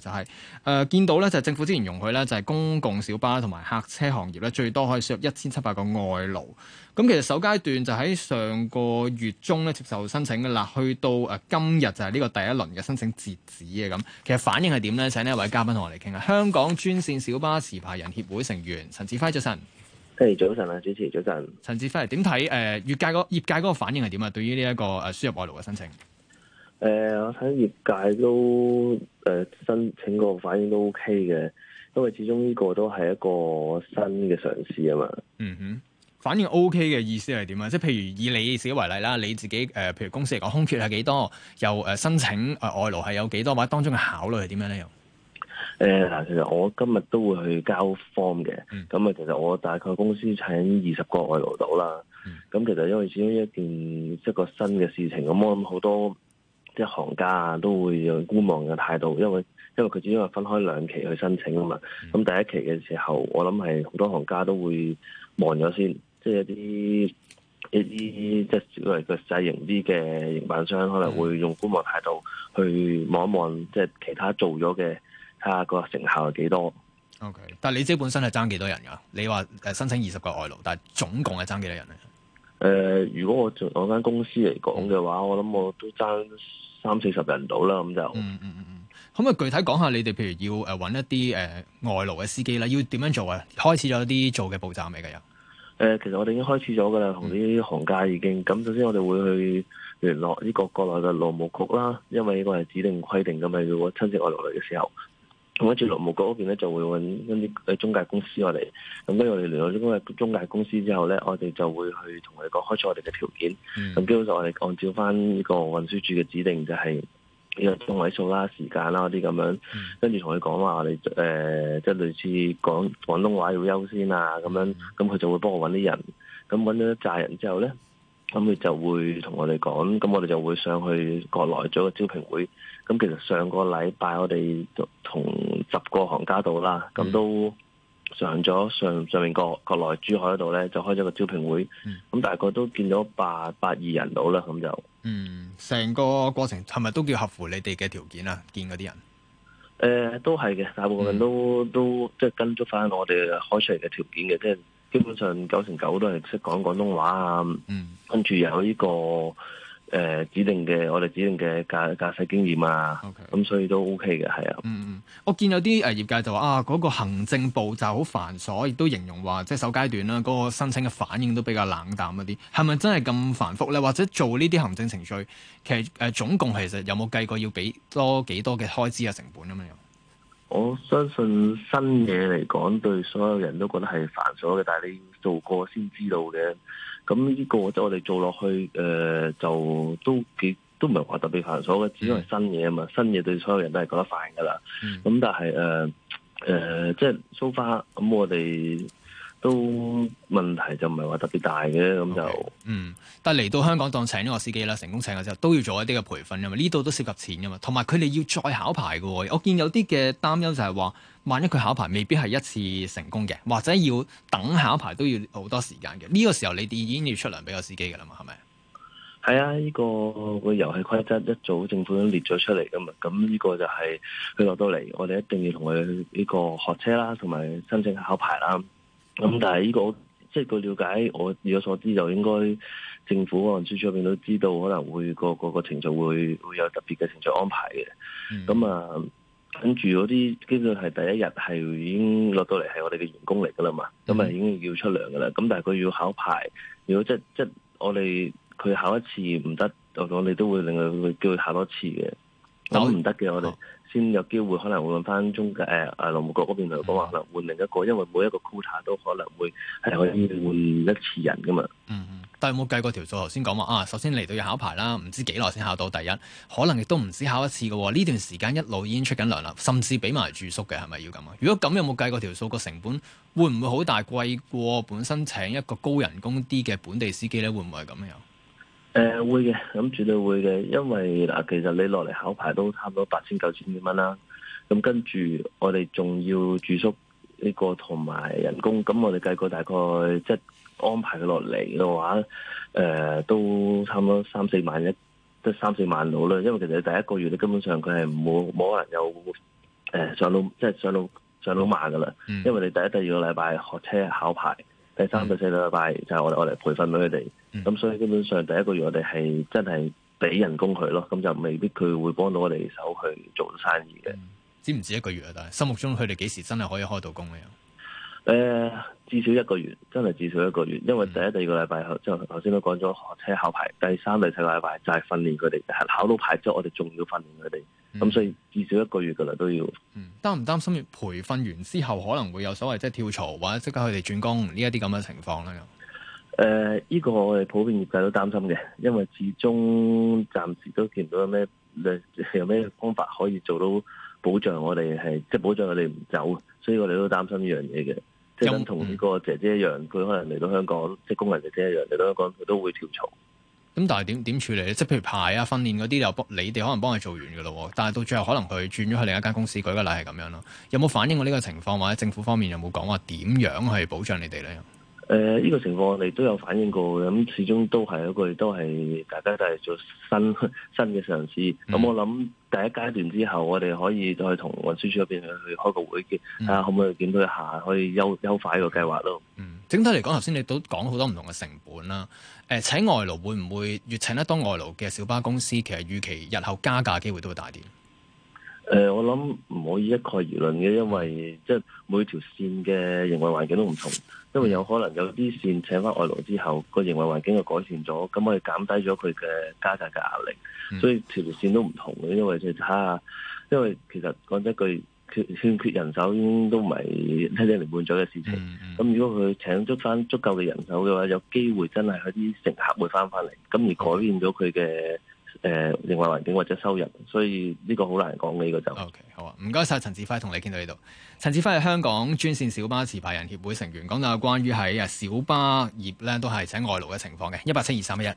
就係、是、誒、呃、見到咧，就係、是、政府之前容許咧，就係、是、公共小巴同埋客車行業咧，最多可以輸入一千七百個外勞。咁、嗯、其實首階段就喺上個月中咧接受申請嘅啦，去到誒今日就係呢個第一輪嘅申請截止啊。咁其實反應係點咧？請呢一位嘉賓同我哋傾下。香港專線小巴持牌人協會成員陳志輝早晨。誒早晨啊，主持早晨。陳志輝點睇誒業界個業界嗰個反應係點啊？對於呢一個誒輸入外勞嘅申請？誒、呃、我睇業界都。誒、呃，申請個反應都 OK 嘅，因為始終呢個都係一個新嘅嘗試啊嘛。嗯哼，反應 OK 嘅意思係點啊？即係譬如以你自己為例啦，你自己誒、呃，譬如公司嚟講，空缺係幾多？又誒，申請、呃、外勞係有幾多？或者當中嘅考慮係點樣咧？又誒，嗱，其實我今日都會去交 form 嘅。咁、嗯、啊，其實我大概公司請二十個外勞到啦。咁、嗯、其實因為始終一件、即係、一個新嘅事情，咁我諗好多。即係行家啊，都會用觀望嘅態度，因為因為佢只因為分開兩期去申請啊嘛。咁、嗯、第一期嘅時候，我諗係好多行家都會望咗先，即係一啲一啲即係小嚟個細型啲嘅營辦商，可能會用觀望態度去望一望，即係其他做咗嘅，睇下個成效係幾多。OK，但係你即係本身係爭幾多人㗎？你話誒申請二十個外勞，但係總共係爭幾多人咧？誒、呃，如果我做我間公司嚟講嘅話，我諗我都爭三四十人到啦，咁就。嗯嗯嗯嗯。可唔可以具體講下你哋譬如要誒搵一啲誒、呃、外勞嘅司機啦？要點樣做啊？開始咗一啲做嘅步驟未嘅有？誒、呃，其實我哋已經開始咗噶啦，同啲行家已經。咁、嗯、首先我哋會去聯絡呢個國內嘅勞務局啦，因為呢個係指定規定噶嘛，如果親戚外勞嚟嘅時候。咁跟住勞務局嗰邊咧就會揾一啲嘅中介公司我哋，咁跟住我哋聯絡啲中中介公司之後咧，我哋就會去同佢講，開出我哋嘅條件。咁基本上我哋按照翻呢個運輸署嘅指定就係呢個中位數啦、時間啦嗰啲咁樣，嗯、跟住同佢講話我哋誒即係類似廣廣東話要優先啊咁樣，咁、嗯、佢就會幫我揾啲人。咁揾咗一紮人之後咧，咁佢就會同我哋講，咁我哋就會上去國內做個招聘會。咁其實上個禮拜我哋同十個行家度啦，咁都上咗上上面國國內珠海度咧，就開咗個招聘會，咁、嗯、大概都見咗八八百二人到啦，咁就嗯，成個過程係咪都叫合乎你哋嘅條件啊？見嗰啲人，誒、呃，都係嘅，大部分都、嗯、都，都即係跟足翻我哋開出嚟嘅條件嘅，即係基本上九成九都係識講廣東話啊、嗯，跟住有呢、這個。誒、呃，指定嘅我哋指定嘅駕駕駛經驗啊，咁、okay. 嗯、所以都 OK 嘅，係啊。嗯嗯我見有啲誒業界就話啊，嗰、那個行政步驟好繁瑣，亦都形容話即係首階段啦，嗰、那個申請嘅反應都比較冷淡一啲。係咪真係咁繁複咧？或者做呢啲行政程序，其實誒、呃、總共其實有冇計過要俾多幾多嘅開支啊成本咁樣？我相信新嘢嚟講，對所有人都覺得係繁瑣嘅，但係你做過先知道嘅。咁、這、呢個即我哋做落去，誒、呃、就都幾都唔係話特別煩瑣嘅，只係新嘢啊嘛，新嘢對所有人都係覺得煩㗎啦。咁、嗯、但係誒、呃呃、即係 so far，咁、嗯、我哋。都問題就唔係話特別大嘅咁就，okay. 嗯，但係嚟到香港當請呢個司機啦，成功請嘅時候都要做一啲嘅培訓噶嘛，呢度都涉及錢噶嘛，同埋佢哋要再考牌嘅。我見有啲嘅擔憂就係話，萬一佢考牌未必係一次成功嘅，或者要等考牌都要好多時間嘅。呢個時候你哋已經要出糧俾個司機噶啦嘛，係咪？係啊，呢個個遊戲規則一早政府都列咗出嚟噶嘛，咁呢個就係佢落到嚟，我哋一定要同佢呢個學車啦，同埋申請考牌啦。咁但係呢個，即係據了解，我所知就應該政府可能出入邊都知道，可能會個個程序會會有特別嘅程序安排嘅。咁、嗯、啊，跟住嗰啲，基本上係第一日係已經落到嚟，係我哋嘅員工嚟噶啦嘛。咁、嗯、啊，已經要出糧噶啦。咁、嗯嗯、但係佢要考牌，如果即係即係我哋佢考一次唔得，我哋都會另外叫佢考多次嘅。咁唔得嘅我哋。先有機會可能會換翻中誒啊，勞務局嗰邊嚟講話，可能換另一個，因為每一個 quota 都可能會係可以換一次人噶嘛。嗯嗯，但係有冇計過條數？頭先講話啊，首先嚟到要考牌啦，唔知幾耐先考到第一，可能亦都唔止考一次噶喎。呢段時間一路已經出緊糧啦，甚至俾埋住宿嘅係咪要咁啊？如果咁有冇計過條數？個成本會唔會好大，貴過本身請一個高人工啲嘅本地司機咧？會唔會係咁樣？誒、呃，會嘅，咁、嗯、絕對會嘅，因為嗱、呃，其實你落嚟考牌都差唔多八千九千幾蚊啦，咁、嗯、跟住我哋仲要住宿呢個同埋人工，咁我哋計過大概即係、就是、安排落嚟嘅話，誒、呃，都差唔多三四萬一，得三四萬到啦，因為其實你第一個月你根本上佢係冇冇可能有誒、呃、上到即係上到上到萬噶啦，因為你第一第二個禮拜學車考牌。第三第四個禮拜就係我我哋培訓俾佢哋，咁、嗯、所以基本上第一個月我哋係真係俾人工佢咯，咁就未必佢會幫到我哋手去做生意嘅、嗯。知唔知一個月啊？但係心目中佢哋幾時真係可以開到工嘅？又、呃、誒，至少一個月，真係至少一個月，因為第一、嗯、第二個禮拜就頭先都講咗學車考牌，第三、第四個禮拜就係訓練佢哋，考到牌之後、就係、我哋仲要訓練佢哋。咁、嗯、所以至少一個月嘅啦，都要。嗯，擔唔擔心培訓完之後可能會有所謂即係跳槽或者即刻佢哋轉工呢一啲咁嘅情況咧？誒、呃，呢、呢個我哋普遍業界都擔心嘅，因為始終暫時都見唔到有咩有咩方法可以做到保障我哋即係保障佢哋唔走，所以我哋都擔心呢樣嘢嘅。即係同呢個姐姐一樣，佢、嗯、可能嚟到香港，即係工人姐姐一樣嚟到香港，佢都會跳槽。咁但係點點處理咧？即係譬如排啊訓練嗰啲，又幫你哋，可能幫佢做完噶咯，但係到最後可能佢轉咗去另一間公司舉個，例係咁樣咯。有冇反映過呢個情況，或者政府方面有冇講話點樣去保障你哋咧？誒、呃，呢、這個情況我哋都有反映過，咁始終都係一句，都係大家都係做新新嘅嘗試。咁、嗯、我諗第一階段之後，我哋可以再同運輸署嗰邊去開個會嘅，睇、嗯、下可唔可以檢討一下，可以優優化呢個計劃咯。嗯整體嚟講，頭先你都講好多唔同嘅成本啦。誒、呃，請外勞會唔會越請得多外勞嘅小巴公司，其實預期日後加價機會都會大啲？誒、呃，我諗唔可以一概而論嘅，因為即係每條線嘅營運環境都唔同。因為有可能有啲線請返外勞之後，個營運環境就改善咗，咁我哋減低咗佢嘅加價嘅壓力，嗯。所以條線都唔同嘅，因為即係睇因為其實講真句。欠缺人手，應都唔係一一年半載嘅事情。咁、嗯嗯、如果佢請足翻足夠嘅人手嘅話，有機會真係啲乘客會翻翻嚟，咁而改變咗佢嘅誒營運環境或者收入。所以呢個好難講嘅呢個就是、OK 好啊，唔該晒，陳志輝，同你傾到呢度。陳志輝係香港專線小巴持牌人協會成員，講到關於喺啊小巴業咧都係請外勞嘅情況嘅一八七二三一一。